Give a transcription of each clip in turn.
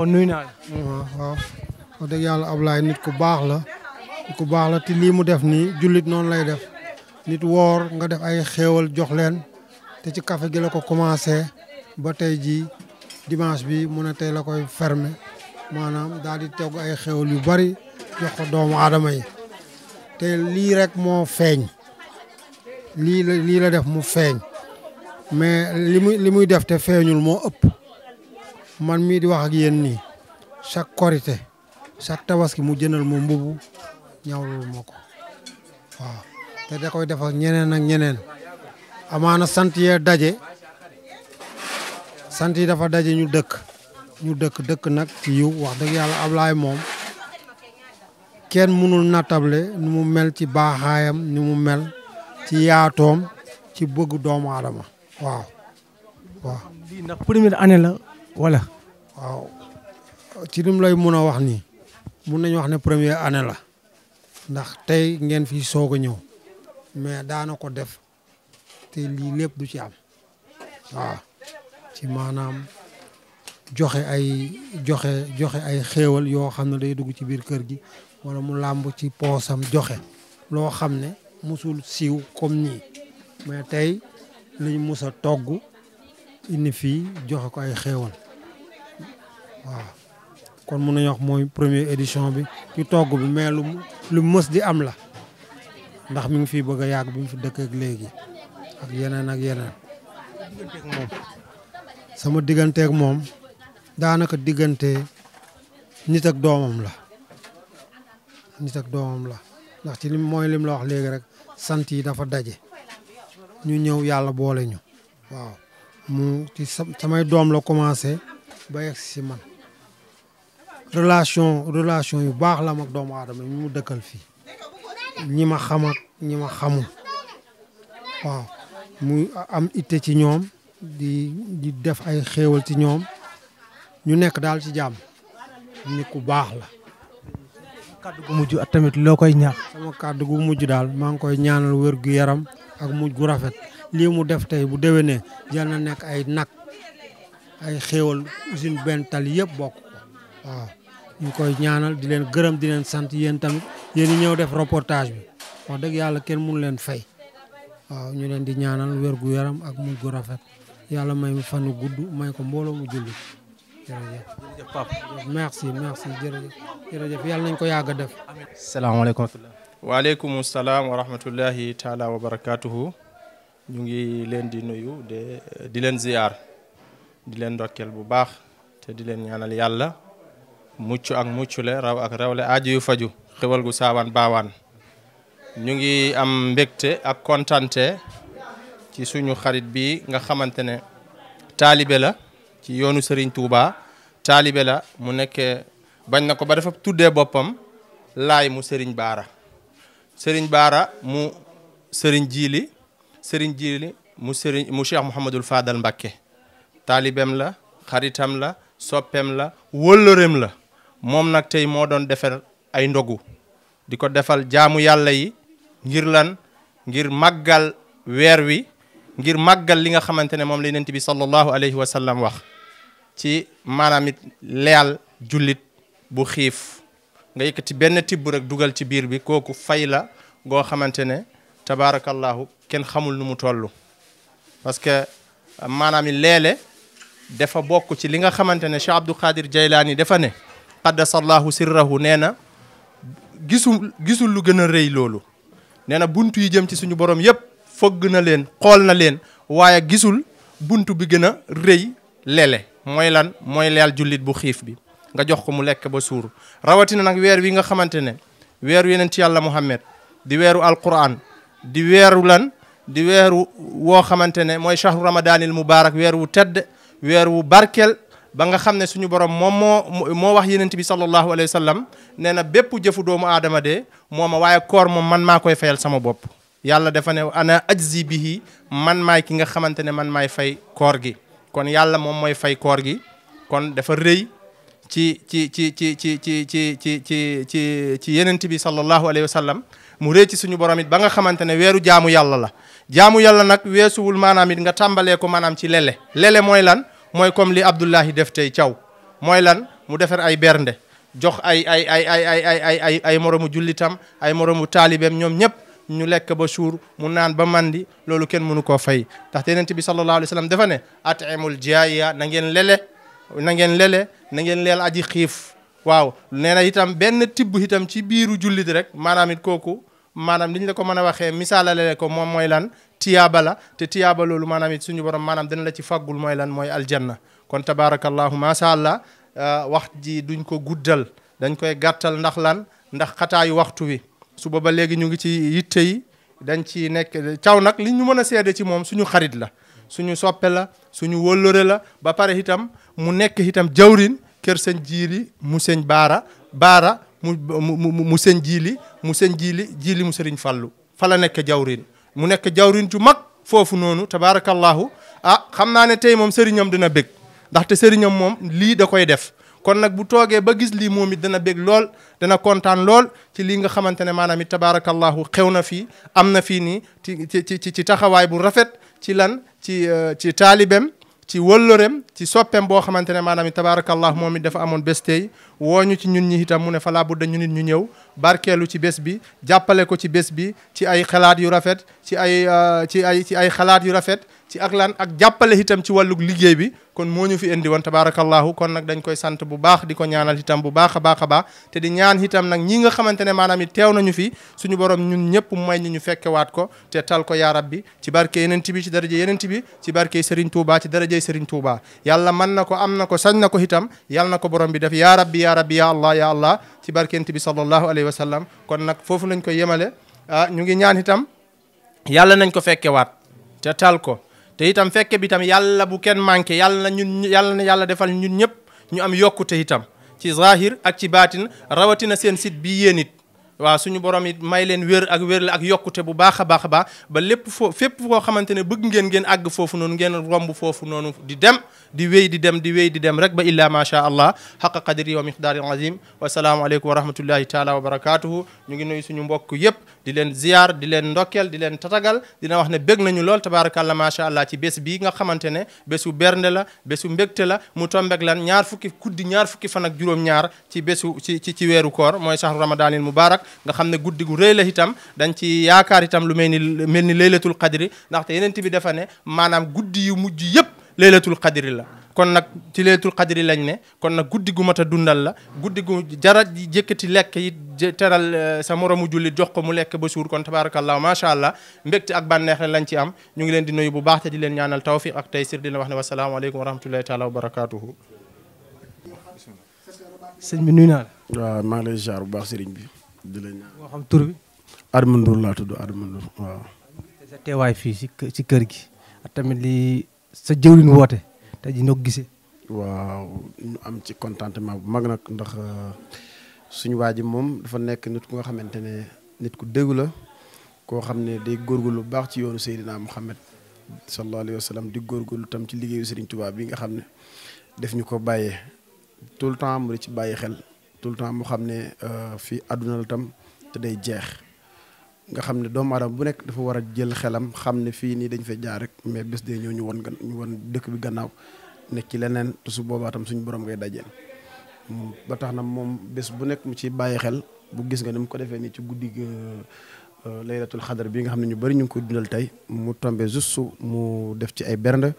papa nuy naa la. waaw wax yàlla Ablaye nit ku baax la nit ku baax la te lii mu def nii jullit noonu lay def nit woor nga def ay xéewal jox leen te ci kafe gi la ko commencé ba tey jii dimanche bi mu ne tey la koy ferme maanaam daal di togg ay xéewal yu bari jox ko doomu aadama yi te lii rek moo feeñ lii la lii def mu feeñ mais li muy li muy def te feeñul moo ëpp. man mii di wax ak yéen nii chaque korité chaque tabaski mu jëndal ma mbubu ñawlul ma ko waaw te da koy defal ñeneen ak ñeneen amaana sant yee daje sant yi dafa daje ñu dëkk ñu dëkk dëkk nag ci yiw wax dëgg yàlla ablaay moom kenn mënul nattable nu mu mel ci baaxaayam nu mu mel ci yaatoom ci bëgg doomu aadama waaw waaw wala waaw ci lim lay mun a wax nii mun nañu wax ne première année la ndax tey ngeen fii soog a ñëw mais daana ko def te lii lépp du ci am waaw ci maanaam joxe ay joxe joxe ay xewal yoo xam ne day dugg ci biir kër gi wala mu làmb ci poosam joxe loo xam ne musul siiw comme nii mais tey lañ mus a togg indi fii joxe ko ay xéewal waaw kon mun nañu wax mooy premier édition bi ci togg bi mais lu lu mës di am la ndax mi ngi fi bëgg a yàgg bi mu fi dëkk ak léegi ak yeneen ak yeneen. sama digganteeg moom daanaka diggante nit ak doomam la nit ak doomam la ndax ci lim mooy lim la wax léegi rek sant yi dafa daje ñu ñëw yàlla boole ñu waaw mu ci samay doom la commencé ba yegg si man. relation relation yu baax la mag doomu aadama ñu mu dëkkal fii ñi ma xam ñi ma xamul waaw muy am itte ci ñoom di di def ay xéewal ci ñoom ñu nekk daal ci jàmm nit ku baax la. kàddu gu mujj tamit loo koy ñaax. sama kàddu gu mujj daal maa ngi koy ñaanal wér gu yaram ak mujj gu rafet lii mu def tey bu déwénee jël na nekk ay nag ay xewal usine benn tali yëpp bokk waaw. ñu ngi koy ñaanal di leen gërëm di leen sant yéen tamit yéen ñëw def reportage bi wax dëgg yàlla kenn mënu leen fay waaw ñu leen di ñaanal wér yaram ak mujj gu rafet yàlla may mu fanu gudd may ko mbooloo mu julli jërëjëf. jërëjëf Pape merci merci jërëjëf jërëjëf yàlla nañ ko yàgg a def. salaamaaleykum. waaleykum salaam wa rahmatullahi taala wa barakaatuhu. ñu ngi leen di nuyu de di leen ziyaar di leen ndokkeel bu baax te di leen ñaanal yàlla. mucc ak muccule raw ak rawle aajo yu faju xewal gu saawaan baawaan ñu ngi am mbégte ak kontante ci suñu xarit bi nga xamante ne taalibe la ci yoonu Serigne Touba taalibe la mu nekkee bañ na ko ba dafa tuddee boppam lay mu Serigne Baara Serigne Baara mu Serigne Jili Serigne Jili mu Serigne mu Mouhamadul Fadal Mbacké taalibem la xaritam la soppeem la wëllëreem la moom nag tey moo doon defar ay ndogu di ko defal jaamu yàlla yi ngir lan ngir màggal weer wi ngir màggal li nga xamante ne moom la bi sallallahu alayhi wa sallam wax ci maanaam leyal jullit bu xiif nga yëkkati benn tibb rek dugal ci biir bi kooku fay la goo xamante ne tabaarakallahu kenn xamul nu mu toll parce que maanaam i leele dafa bokk ci li nga xamante ne Cheikh Abdou Khadir Jaylaani defa ne qaddasallahu sirrahu nee na gisul gisul lu gën a rëy loolu nee na bunt yi jëm ci suñu borom yëpp fëgg na leen xool na leen waaye gisul bunt bi gën a rëy lele mooy lan mooy leel jullit bu xiif bi nga jox ko mu lekk ba suur rawatina nag weer wi nga xamante ne weeru yeneen ci yàlla muhammad di weeru alquran di weeru lan di weeru woo xamante ne mooy shahru ramadaanil mubaarak weer wu tedd weer wu barkel ba nga xam ne suñu borom moom moo moo wax yenent bi sallallahu alayhi wa sallam nee na bépp jëfu doomu aadama de moom ma waaye koor moom man maa koy fayal sama bopp yàlla dafa ne ana ajzi bihi man maay ki nga xamante ne man maay fay koor gi kon yàlla moom mooy fay gi kon dafa rëy ci ci ci ci ci ci ci ci ci ci ci yenent bi sallallahu alayhi wa sallam mu rëy ci suñu boromit it ba nga xamante ne weeru jaamu yàlla la jaamu yàlla nag weesuwul maanaam it nga tàmbalee ko maanaam ci lele lele mooy lan mooy comme li Abdoulahi def tey Thiaw mooy lan mu defar ay bernde jox ay ay ay ay ay ay ay ay ay moromu jullitam ay moromu taalibeem ñoom ñëpp ñu lekk ba suur mu naan ba mandi loolu kenn mënu koo fay ndaxte yonent bi sallallahu alayhi wa sallam dafa ne atimul jaaya na ngeen lele na ngeen lele na ngeen leel aji xiif waaw nee na itam benn tibb itam ci biiru jullit rek maanaam it kooku maanaam li ñu la ko mën a waxee misaalale ko moom mooy lan tiyaaba la te tiyaaba loolu maanaam it suñu borom maanaam dina la ci faggul mooy lan mooy aljanna kon tabaarakallahu macha allah uh, wax ji duñ ko guddal dañ koy gàttal ndax lan ndax xataayu waxtu wi suba ba léegi ñu ngi ci yitte yi dañ ci nekk caw nag li ñu mën a seede ci moom suñu xarit la suñu soppe la suñu wóllore la ba pare itam mu nekk itam jawrin kër sëñ jiili mu sëñ baara baara mu mu mu sëñ jiili mu sëñ jiili jiili mu sëriñ fallu fa la nekk jawrin mu nekk jawrin ju mag foofu noonu tabaarakallahu ah xam naa ne tey moom sëriñam dina bég ndaxte sëriñam moom lii da koy def kon nag bu toogee ba gis lii moom it dana bég lool dana kontaan lool ci lii nga xamante ne maanaam it tabaarakallahu xew na fii am na fii nii ci ci ci ci taxawaay bu rafet ci lan ci euh, ci taalibem ci wëllëreem ci soppeem boo xamante ne maanaam tabaarakallah moom it dafa amoon bés tey woo ñu ci ñun ñi itam mu ne fa laa budda ñu nit ñu ñëw barkeelu ci bés bi jàppale ko ci bés bi ci ay xalaat yu rafet ci ay euh, ci ay ci ay xalaat yu rafet ci ak ak jàppale itam ci wàllug liggéey bi kon moo ñu fi indi woon tabaarakallaahu kon nag dañ koy sant bu baax di ko ñaanal itam bu baax a baax a baax te di ñaan itam nag ñi nga xamante ne maanaam it teew nañu fi suñu borom ñu ñëpp may ñu ñu fekkewaat ko te tal ko yaa rabbi ci barke yeneen bi ci daraje yeneen bi ci barke Serigne Touba ci daraje Serigne Touba yàlla mën na ko am na ko sañ na ko itam yàlla na ko borom bi def yaa rabbi yaa rabbi yaa allah yaa allah ci barke yeneen bi sallallahu alayhi wa sallam kon nag foofu lañ yemale ah ñu ngi ñaan itam yàlla nañ ko fekkewaat te tal ko te itam fekke bi tam yàlla bu kenn manqué yàlla ñun yàlla na yàlla defal ñun ñëpp ñu am yokkute itam ci zahir ak ci baatin rawatina seen sit bi yéen it waaw suñu borom it may leen wér ak wér la ak yokkute bu baax a baax a baax ba lépp foo fépp koo xamante ne bëgg ngeen ngeen àgg foofu noonu ngeen romb foofu noonu di dem di wéy di dem di wéy di dem rek ba illaa ma sha allah xaqa qadri wa miqdaari azim wasalaamualeykum wa rahmatullahi taala wa barakatuhu ñu ngi nuyu suñu mbokk yëpp di leen ziyaar di leen ndokkeel di leen tatagal dina wax ne bëgg nañu lool tabaarakàlla macha allah ci bés bii nga xamante ne bésu bernde la bésu mbégte la mu tombek lan ñaar fukki guddi ñaar fukki fan ak juróom-ñaar ci bésu ci ci ci weeru koor mooy sahru ramadanil mubarak nga xam ne guddi gu rëy la itam dañ ci yaakaar itam lu mel ni mel ni laylatul qadri ndaxte yeneen bi dafa ne maanaam guddi yu mujj yëpp laylatul qadri la kon nag ci leetul xadri lañ ne kon nag guddi gu mat a dundal la guddi gu jara jëkkati lekk yi teral eh, sa moromu jullit jox ko mu lekk ba suur kon tabarakallah macha allah mbégte ak bànneex lañ ci am ñu ngi leen di nuyu bu baax te di leen ñaanal tawfiq ak tey di leen wax ne wasalaamaaleykum wa rahmatullahi taala wa barakaatuhu. sëñ bi nuyu naa waaw maa ngi lay ziar bu baax sëriñ bi di la ñaan. xam tur bi. Adama Ndour laa tudd Adama Ndour fii si ci kër gi ak tamit li sa jëwriñ woote. te ji noo waaw ñu am ci contentement bu mag nag ndax euh, suñu waa ji moom dafa nekk nit ku nga xamante ne nit ku déggu la koo xam ne day góor góorgóorlu lu baax ci yoonu Seydina Muhammad sallallahu alayhi wa sallam di góorgóorlu tam ci liggéeyu Serigne Touba yi nga xam ne def ñu ko bàyyee tout le temps mu di ci bàyyi xel tout le temps mu xam ne euh, fii àdduna la tam te day jeex. nga xam ne doom aadama bu nekk dafa war a jël xelam xam ne fii nii dañ fay jaar rek mais bés de ñëw ñu won gan ñu won dëkk bi gannaaw nekk ci leneen te su boobaa tam suñu boroom ngay dajeel. ba tax na moom bés bu nekk mu ci bàyyi xel bu gis nga ni mu ko defee nii ci guddi euh, laylatul xadar bi nga xam ne ñu bëri ñu ko dundal tey mu tombé juste mu def ci ay bernde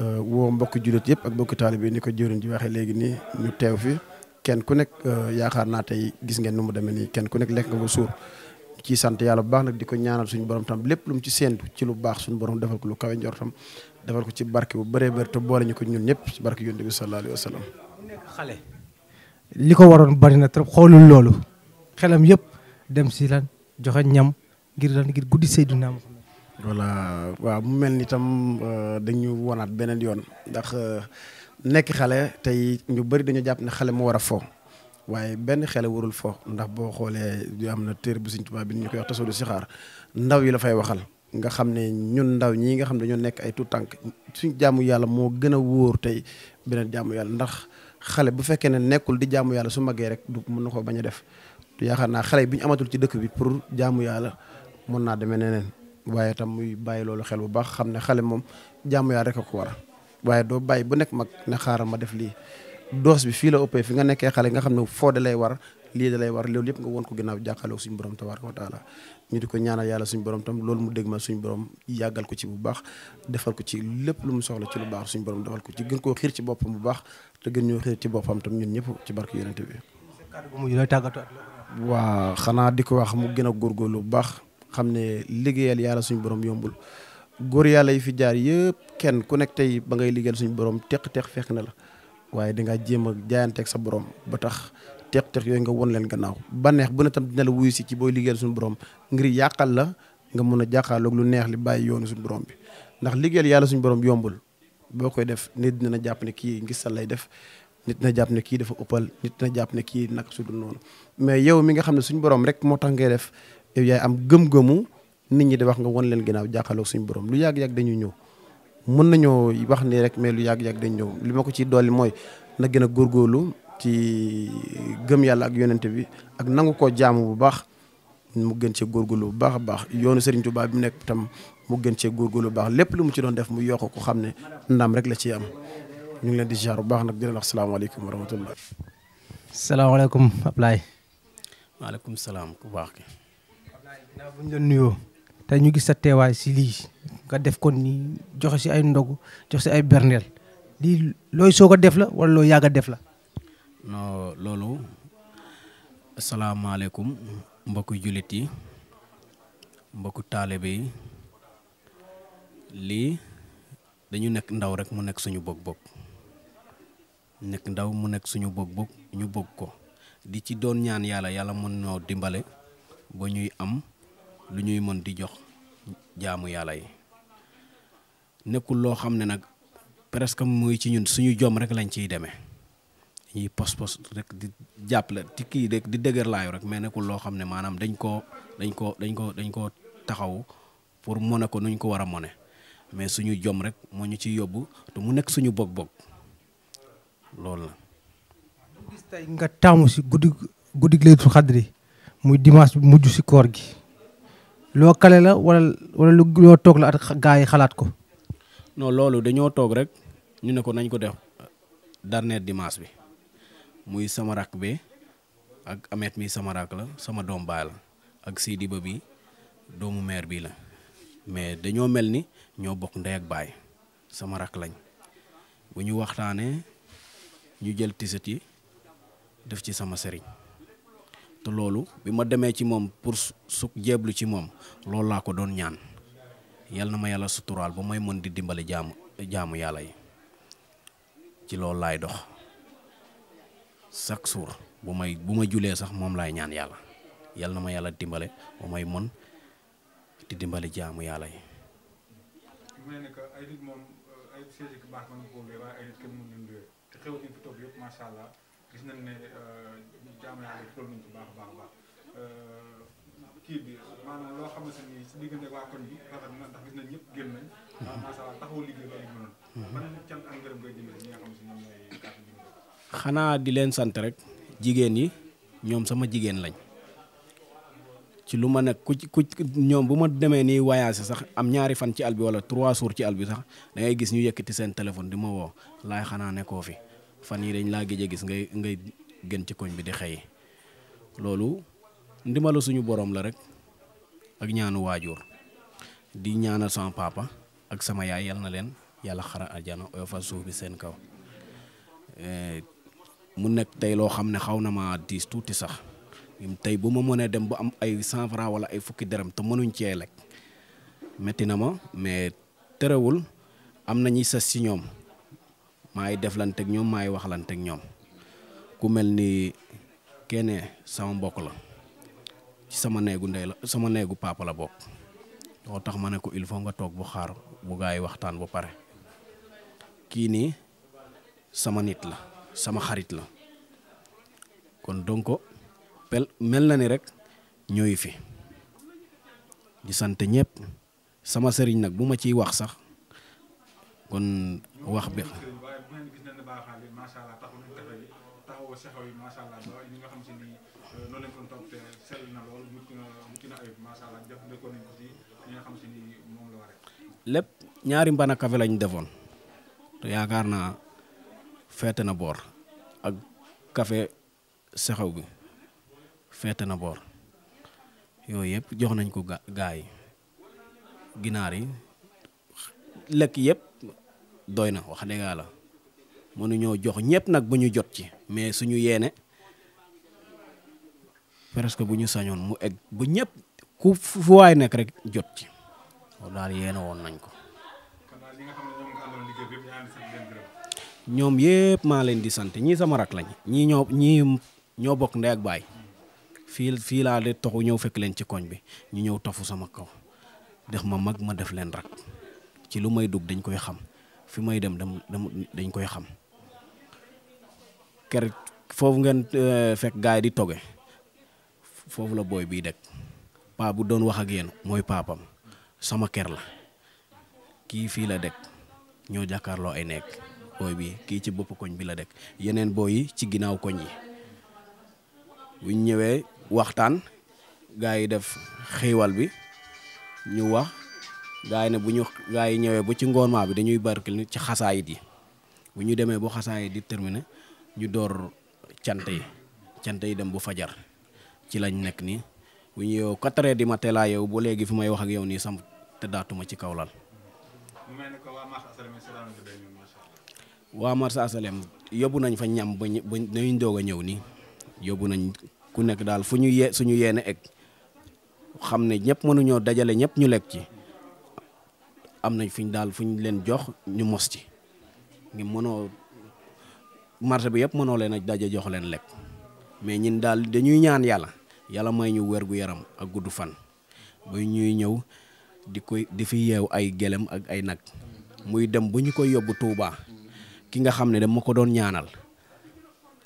euh, woo mbokki jullit yëpp ak mbokki taalibe ni ko jëriñ ji waxee léegi nii ñu teew fi kenn ku nekk euh, yaakaar naa tey gis ngeen nu mu demee nii kenn ku nekk lekk nga ba suur. ciy sant yàlla bu baax nag di ko ñaanal suñu borom tam lépp lu ci séentu ci lu baax suñu borom defal ko lu kawe njortam defal ko ci barke bu bëree bëri te boole ñu ko ñun ñëpp ci barke yonent bi sallallahu alayhi wa xale li ko waroon bari na trop xoolul loolu xelam yëpp dem si lan joxe ñam ngir ngir guddi Seydina Muhammad waaw mu mel ni tam euh, dañu wonaat beneen yoon ndax euh, nekk xale tey ñu bëri dañu jàpp ne xale mu war a fo waaye benn xele warul fo ndax boo xoolee yu am na téere bu Sëriñ Tuubaa bi ñu koy wax si xaar ndaw yi la fay waxal nga xam ne ñun ndaw ñii nga xam ne dañoo nekk ay tu tànk suñ jaamu yàlla moo gën a wóor tey beneen jaamu yàlla ndax xale bu fekkee ne nekkul di jaamu yàlla su magee rek du mën na koo bañ a def yaakaar naa xale bi ñu amatul ci dëkk bi pour jaamu yàlla mën naa demee neneen waaye tam muy bàyyi loolu xel bu baax xam ne xale moom jaamu yàlla rek ko war waaye doo bàyyi bu nekk mag ne ma def lii doos bi fii la ëppee fi nga nekkee xale nga xam ne foo da lay war lii da lay war loolu yëpp nga won ko ginnaaw jàkkaarloo suñu borom tabaraka wa taala ñu di ko ñaanal yàlla suñu borom tam loolu mu dégg ma suñu borom yàggal ko ci bu baax defal ko ci lépp lu mu soxla ci lu baax suñu borom defal ko ci gën koo xiir ci boppam bu baax te gën ñoo xiir ci boppam tam ñun ñëpp ci barke yonente bi waa xanaa di ko wax mu gën a lu bu baax xam ne liggéeyal yàlla suñu borom yombul góor yàlla yi fi jaar yëpp kenn ku nekk tey ba ngay liggéeyal suñu borom teq-teq fekk na la waaye dangaa jéem a jaayanteeg sa borom ba tax teq-teq yooyu nga won leen gannaaw neex bu ne tam dina la wuyu si ci booy liggéeyal suñu borom ngir yàqal la nga mun a jàkkaarloog lu neex li bàyyi yoonu suñu borom bi ndax liggéeyal yàlla suñu borom yombul boo koy def nit dina na jàpp ne kii ngis sa lay def nit dina jàpp ne kii dafa ëppal nit dina jàpp ne kii naka su dul noonu mais yow mi nga xam ne suñu borom rek moo tax ngay def yow yaay am gëm-gëmu nit ñi di wax nga won leen gannaaw jàkkaarloog suñu borom lu yàgg-yàgg dañuy ñëw mën nañoo wax ni rek mais lu yàgg-yàgg dañ ñëw li ma ko ci dolli mooy na gën a góor góorlu ci gëm yàlla ak yonente bi ak nangu ko jaamu bu baax mu gën cee góorgóorlu bu baax a baax yoonu Serigne Touba bi nekk tam mu gën cee góorgóorlu bu baax lépp lu mu ci doon def mu yokk ko xam ne ndam rek la ci am ñu ngi leen di ziar bu baax nag di leen wax salaamaaleykum wa rahmatullah. salaamaaleykum Ablaye. maaleykum salaam ku baax. Ablaye dinaa bu ñu nuyoo. te ñu gis sa teewaay si lii nga def ko ni joxe si ay ndog jox si ay berndeel lii looy soog a def la wala loo yàgg a def la. non loolu asalaamaaleykum mbokku jullit yi mbokku taalibe yi lii dañu nekk ndaw rek mu nekk suñu bëg-bëg nekk ndaw mu nekk suñu bëg ñu bëgg ko di ci doon ñaan yàlla yàlla mën noo dimbale ba ñuy am. lu ñuy mën di jox jaamu yàlla yi nekkul loo xam ne nag presque muy ci ñun suñu jom rek lañ ciy demee dañuy pos-pos rek di jàppale ci kii rek di dëgër laayu rek mais nekkul loo xam ne maanaam dañ koo dañ koo dañ ko dañ koo taxaw pour mone ko nuñ ko war a mone mais suñu jom rek moo ñu ci yóbbu te mu nekk suñu bog-bog loolu la. gis tey nga taamu si guddi guddi laylatul xadri muy dimanche bi mujj si koor gi. loo kale la wala wala lu loo toog la ak gaa yi xalaat ko. no loolu dañoo toog rek ñu ne ko nañ ko def dernier dimaas bi muy sama rakk bi ak Amet mi sama rakk la sama doom baay la ak Sidi Ba bi doomu maire bii la mais dañoo mel ni ñoo bokk ndey ak baay sama rakk lañ bu ñu waxtaanee ñu jël tiset yi def ci sama sëriñ. te loolu bi ma demee ci moom pour su jéblu ci moom loolu laa ko doon ñaan yal na ma yàlla suturaal ba may mën di dimbali jaamu jaamu yàlla yi ci loolu laay dox chaque jour bu may bu ma julee sax moom laay ñaan yàlla yal na ma yàlla dimbale may mën di dimbali jaamu yàlla yi. xanaa di leen sant rek jigéen yi ñoom sama jigéen lañ ci lu ma nekk ku ci ñoom bu ma demee ni voyage sax am ñaari fan ci àll bi wala trois jours ci àll bi sax da gis ñu yëkkati seen téléphone di ma woo laay xanaa ne fi fan yi dañ laa gëj a gis ngay ngay. gën ci koñ bi di xëy loolu ndimalu suñu borom la rek ak ñaanu waajur di ñaanal sama papa ak sama yaay yal na leen yàlla xara aljana oyofal suuf bi seen kaw eh, mu nekk tey loo xam ne xaw na ma diis tuuti sax tey bu ma mënee dem ba am ay cent franc wala ay fukki dërëm te mënuñ cee lekk metti na ma mais terewul am na ñi sës si ñoom maay deflanteeg ñoom maay waxlanteeg ñoom ku mel ni kene sama mbokk la ci sama neegu ndey la sama neegu papa la bokk loo tax ma ne ko il faut nga toog bu xaar bu gaa waxtaan ba pare kii nii sama nit la sama xarit la kon donc pel mel na ni rek ñooy fi di sant ñépp sama sëriñ nag bu ma ciy wax sax kon wax bi. xaw a sexaw lañ lépp ñaari mbana café lañ defoon te yaakaar naa feete na boor ak kafe sexew bi feete na boor yooyu yëpp jox nañ ko ga gaa yi ginaar yi lekk yëpp doy na wax dëgg la mënuñoo jox ñëpp nag bu ñu jot ci mais suñu yéene presque bu ñu sañoon mu egg bu ñëpp ku fu waay nekk rek jot ci loolu daal woon nañ ko. ñoom yëpp maa leen di sant ñii sama rak lañ ñii ñoo ñii ñoo bokk nde ak baay fii fii laa de toxu ñëw fekk leen ci koñ bi ñu ñëw tafu sama kaw def ma mag ma def leen rak ci lu may dugg dañ koy xam fi may dem dam dañ koy xam ker foofu ngeen eh, fekk gaay di toge foofu la booy bii dëkk paa bu doon wax ak yéen mooy paapam sama ker la kii fii la dëkk ñoo jàkkaarloo ay nekk booy bi kii ci bopp koñ bi la dekk yeneen booy yi ci ginnaaw koñ yi buñ ñëwee waxtaan gaa yi def xiiwal bi ñu wax gaay yi ne bu ñu gaay yi ñëwee bu ci ngoon maa bi dañuy barkil ci xasaayit yi bu ñu demee bu xasaayit di terminé ñu door cant yi cant yi dem bu fajar ci lañ nekk nii bu ñu yow quatre heures du matin laa yow bu léegi fi may wax ak yow nii sam te daatuma ci kaw lal waa marsa asalem yóbbu nañ fa ñam ba ñu doog a ñëw nii yóbbu nañ ku nekk daal fu ñu ye suñu yeene egg xam ne ñëpp mënuñoo dajale ñëpp ñu lekk ci am nañ fuñ daal fuñ leen jox ñu mos ci ngi mënoo marché bi yëpp mënoo leen a daje jox leen lekk mais ñun daal dañuy ñaan yàlla yàlla may ñu wér gu yaram ak gudd fan ba ñuy ñëw di koy di fi yeew ay gelem ak ay nag muy dem bu ñu koy yóbbu tuubaa ki nga xam ne dama ko doon ñaanal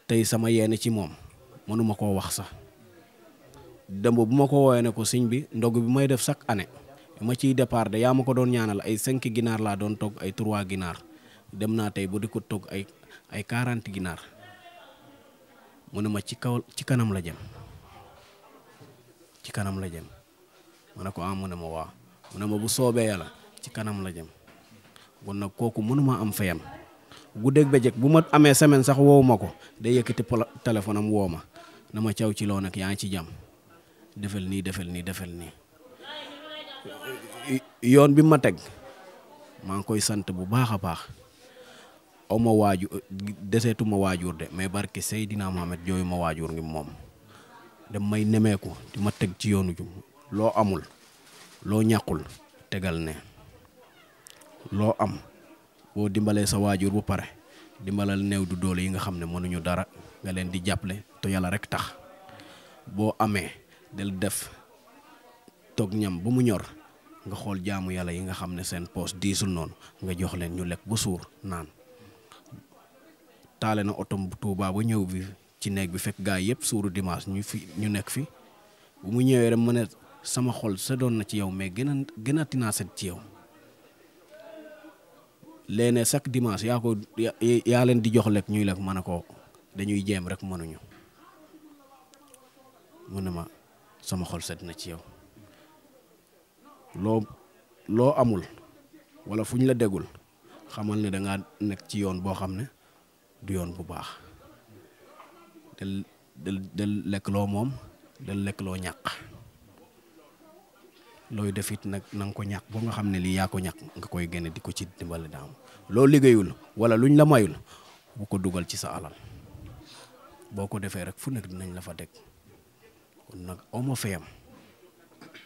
tey sama yéene ci moom mënuma koo wax sax dëmb bu ma ko woowee ne ko sëñ bi ndog bi may def chaque année ma ciy départ de yaa ma ko doon ñaanal ay cinq ginaar laa doon togg ay trois ginaar dem naa tey bu di ko togg ay ay quarante ginaar mu ne ma ci kaw ci kanam la jëm ci kanam la jëm ma ne ko ah mu ne ma waa mu ne ma bu soobee yàlla ci kanam la jëm kon nag kooku mënuma am fayam guddeeg bëccëg bu ma amee semaine sax wowuma ko day yëkkati téléphone am woo ma na ma caw ci loo nag yaa ngi ci jàmm defal nii defal nii defal nii yoon bi ma teg maa ngi koy sant bu baax a baax aw ma waaju deseetu waajur de mais barke Seydina Mohamed jooyu ma waajur ngi moom dem may nemeeku di ma teg ci yoonu ju loo amul loo ñàkkul tegal ne loo am boo dimbalee sa waajur bu pare dimbalal néew du doole yi nga xam ne mënuñu dara nga leen di jàppale te yàlla rek tax boo amee del def toog ñam ba mu ñor nga xool jaamu yàlla yi nga xam ne seen poos diisul noonu nga jox leen ñu lekk ba suur naan taale na otom bu Touba ba ñëw bi ci néeg bi fekk gaa yëpp suuru dimanche ñu fi ñu nekk fi bu mu ñëwee rek mu sama xol sa na ci yow mais gën gën a tinaa ci yow léeg chaque dimanche yaa leen di jox lekk ñuy lekk ma ne ko dañuy jéem rek mënuñu mu ne ma sama xol sedd na ci yow loo loo amul wala fu ñu la dégul xamal ne danga nekk ci yoon boo xam ne du yoon bu baax del del del lekk loo moom del lekk loo ñàq looy def it nag na ko ñàq boo nga xam ne lii yaa ko ñàq nga koy génne di ko ci dimbale daam loo liggéeyul wala luñ la mayul bu ko dugal ci sa alal boo ko defee rek fu nekk dinañ la fa teg kon nag oma fayam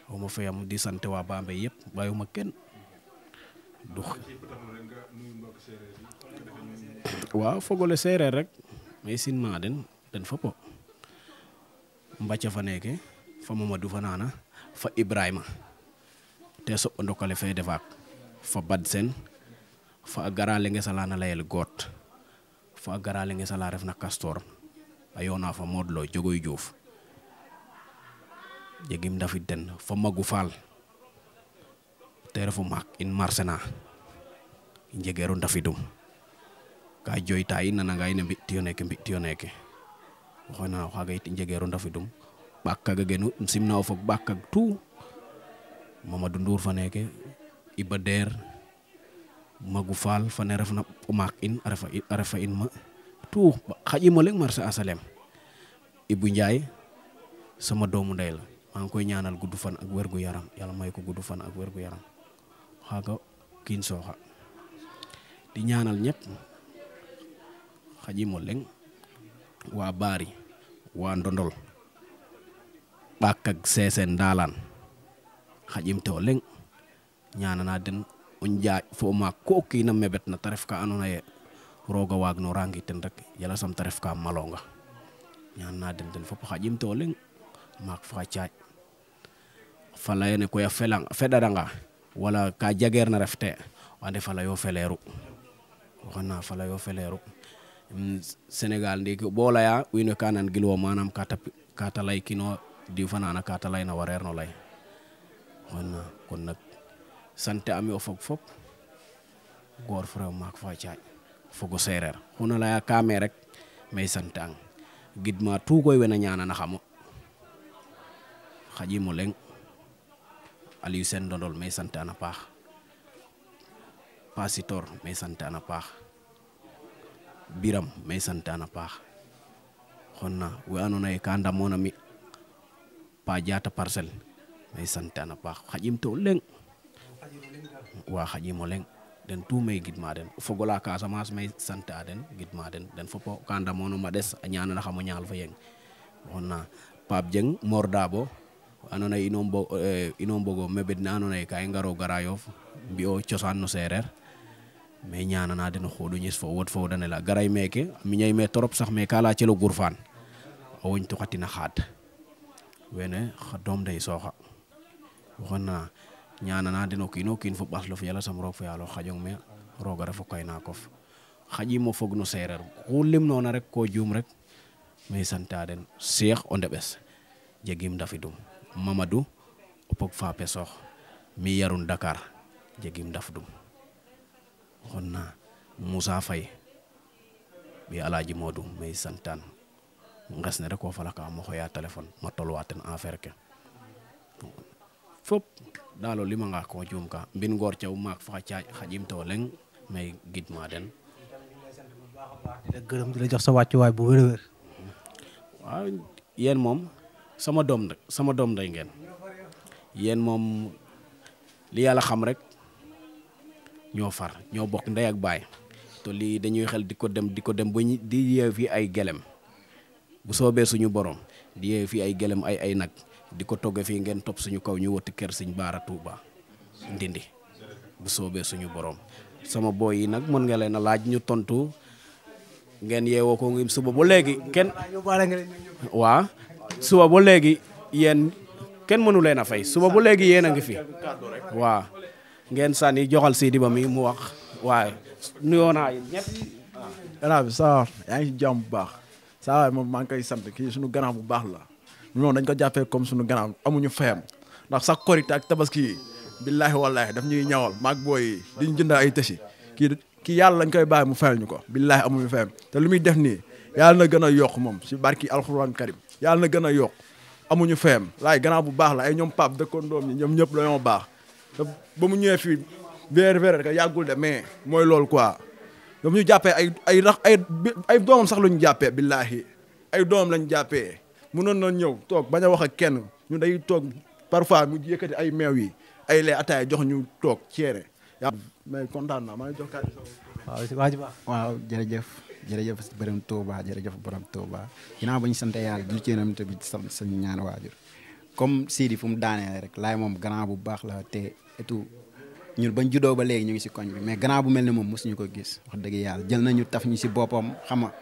oma di sant waa Bambey yépp bàyyiwuma kenn du waaw fogole seereer rek mais sin ma den den fopo mbaca fa neeke fa Mamadou fa naana fa Ibrahima te soɓ o ndokale fe defaak fa bad sen fa a gara lenge sala na goot fa a gara lenge ref na Castor a yoona fa Modlo Jogoy Diouf jegim ndafid den fa Magu Fall te refu maak in marché na i njegeero ka joyta'i nananga in a mbi'tiyo neke mbi'tiyo neke oxena o xaaga yit i njegeero ndafidum ɓaak kaaga genu im simna o fog ɓaak kaag tout Mamadou Ndour fa neeke Iba Der Magu Fall fa ne refna o maak in a refa a in ma tout xaƴiim o leŋ marché a Salem Ibou sama doomu ndey la maa ngi koy ñaanal gudd fan ak wergu yaram yàlla may ko gudd fan ak wergu yaram xaaga kiin sooxa di ñaanal ñëpp xajimo leng waa baari waa ndondol ɓakak seesen ndalan xajim to leng ñanana den o njaaj fo o maak ko kiina mebet na te ref ka andoona yee roog a waag no rangi ten rek yala sam te ref ka malonga ñanana den den fop xajim to leng maak fa caaƴ fa layene koy a felang a wala ka jageerna ref te o ande fa layo feleeru oxana fa layo feleeru sénégal ndi bo leya wiin we ka nan gilwa manam kata kata ley kino diw fa nana kata leyna wareer no ley kon nak sante ami o fog fop goor fo rew maak fa caaƴ fogo sereer xuna leya kame rek mais sante ang gidma tout koy wena ñanana xamo xajimo leng aliou ndondol mais sante an a paax pasitor mais sante an a paax biram may santaan a paax xonna we andoona ka ndamoona mi pa jaata parcelle may santaan a paax xaƴiim to leŋ waa xaƴiim o leŋ den tout may gidma den fogola Casamance may sant a den gidma den den fopo ka ndamoona ma des a ñaanana xam ñaal fo yeng xonna Pape Dieng Mor Dabo andoona yee ino eh, mbogo mebed na andoona yee ka i ngaroo garaayof mbi'o cosaan no seereer mais ñanana den hoɗoñes fo wod fowodane la garay meke a miñay me torop sax me ka lacelo gurfan o woñ tuxatina xaad wene doom day sooxa waxana ñanana den o kiino kiin fo ɓaslof yala sam roog fo yaalo xaƴong me roga refo kaynakof xaƴim o fog no seereer xu limnona rek ko juum rek mais santa den Cheikh o Ndeɓes jegim ndafidum Mamadou o pog fa pesoox mi yarun Dakar jegim ndafdum waxoon naa Moussa Faye bi alaaji Modou may santaan nges ne rek o falaka mo xoya téléphone ma tolwaten affaire ke fop daal o limanga ko juum mbin ngoor caw maak fa caac xajim to leng may gidma den di la gërëm di la jox sa wàccuwaay bu wér a wér waaw moom sama doom sama doom day ngeen yéen moom li yàlla xam rek ñoo far ñoo bokk ndey ak baay te lii dañuy xel di ko dem di ko dem ba ñu di yee fii ay gelem bu soobee suñu boroom di yee fii ay gelem ay ay nag di ko togge fii ngeen topp suñu kaw ñu wëtti kër Sëñ Baara Touba Ndindi bu soobee suñu boroom sama booy yi nag mën nga leen a laaj ñu tontu ngeen yeewoo ko ngi suba ba léegi kenn waa suba ba léegi yéen kenn mënu leen a fay suba ba léegi yéen a ngi fi waa ngeen sànni joxal Sidi ba mi mu wax waaye nuyoo naa yéen ñëpp. Ah. yaa ngi ci jàmm bu baax saa waay moom maa ngi koy sant kii suñu ganaar bu baax la ñun dañ ko jàppee comme suñu ganaar amuñu fayam ndax sax korite tabaski yi billaahi wallaahi ñuy ñawal maag booy yi di ñu jënd ay tësi kii kii yàlla lañ koy baay mu fayal ñu ko billaahi amuñu fayam te lu muy def nii yàlla na gën a yokk moom si barki alxuraan karim yàlla na gën a yokk amuñu fayam laay ganaar bu baax la ay ñoom pap dëkkoon doom ñi ñoom ñëpp dañoo baax ba mu ñëwee fii weer weer rek yàggul de mais mooy loolu quoi ba mu ñu jàppee ay ay rax ay ay doomam sax lu ñu jàppee billaahi ay doomam lañ jàppee mënoon na ñëw toog bañ a wax ak kenn ñu day toog parfois mu yëkkati ay meew yi ay lay ataaya jox ñu toog ceere yaa mais kontaan naa maa ngi jox kàddu waaw waaw jërëjëf jërëjëf si borom Touba jërëjëf borom Touba ginnaaw ba ñu sant yàlla du ci yéen tamit sa ñaan waajur comme Sidi fu mu daanee rek laay moom grand bu baax la te et ñun bañ juddoo ba léegi ñu ngi si koñ bi mais grand bu mel ni moom mosuñu ko gis wax dëgg yàlla jël nañu taf ñu si boppam xama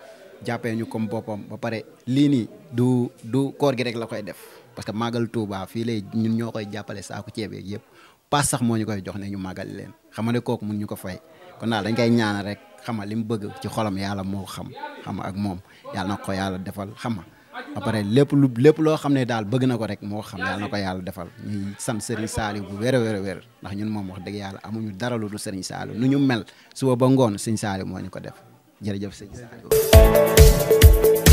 jàppee ñu comme boppam ba pare lii nii du du koor gi rek la koy def parce que màggal Touba fii lay ñun ñoo koy jàppale saako ceeb yëpp paas sax moo ñu koy jox ne ñu màggal leen xam ne kook mun ñu ko fay kon daal dañ koy ñaanal rek xama li mu bëgg ci xolam yàlla moo xam xama ak moom yàlla na ko yàlla defal xama après lépp lu lépp loo xam ne daal bëgg na ko rek moo xam yàlla na ko yàlla defal ñuy sant Serigne Saliou bu wér a wér a wér ndax ñun moom wax dëgg yàlla amuñu dara lu dul Serigne Saliou nu ñu mel suba ba ngoon Serigne Saliou moo ñu ko def jërëjëf Serigne Saliou